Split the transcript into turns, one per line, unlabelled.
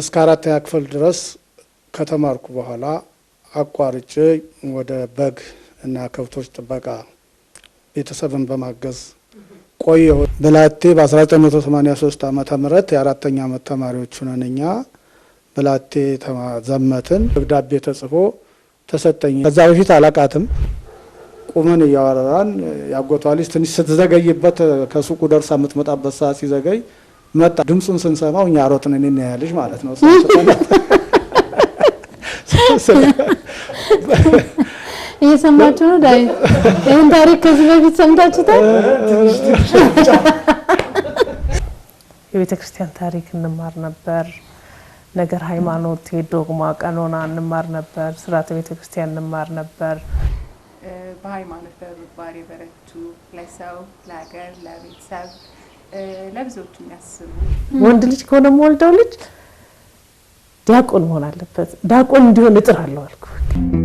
እስከ አራተኛ ክፍል ድረስ ከተማርኩ በኋላ አቋርጬ ወደ በግ እና ከብቶች ጥበቃ ቤተሰብን በማገዝ ቆየሁ። ብላቴ በ1983 ዓ ም የአራተኛ ዓመት ተማሪዎች ሆነን እኛ ብላቴ ዘመትን ደብዳቤ ተጽፎ ተሰጠኝ። ከዛ በፊት አላቃትም ቁመን እያወራን ያጎቷ ልጅ ትንሽ ስትዘገይበት ከሱቁ ደርሳ የምትመጣበት ሰዓት ሲዘገይ መጣ። ድምፁን ስንሰማው እኛ ሮጥን፣ እኔና ያ ልጅ ማለት ነው።
እየሰማችሁ ነው ዳዊት? ይህን ታሪክ ከዚህ በፊት ሰምታችሁታል? የቤተ ክርስቲያን ታሪክ እንማር ነበር፣ ነገር ሃይማኖት፣ ዶግማ፣ ቀኖና እንማር ነበር፣ ስርዓተ ቤተ ክርስቲያን እንማር ነበር።
በሃይማኖት በባሪ በረቱ ለሰው ለሀገር ለቤተሰብ ለብዙዎች የሚያስቡ
ወንድ ልጅ ከሆነ የምወልደው ልጅ ዲያቆን መሆን አለበት። ዲያቆን እንዲሆን እጥራለሁ አልኩ።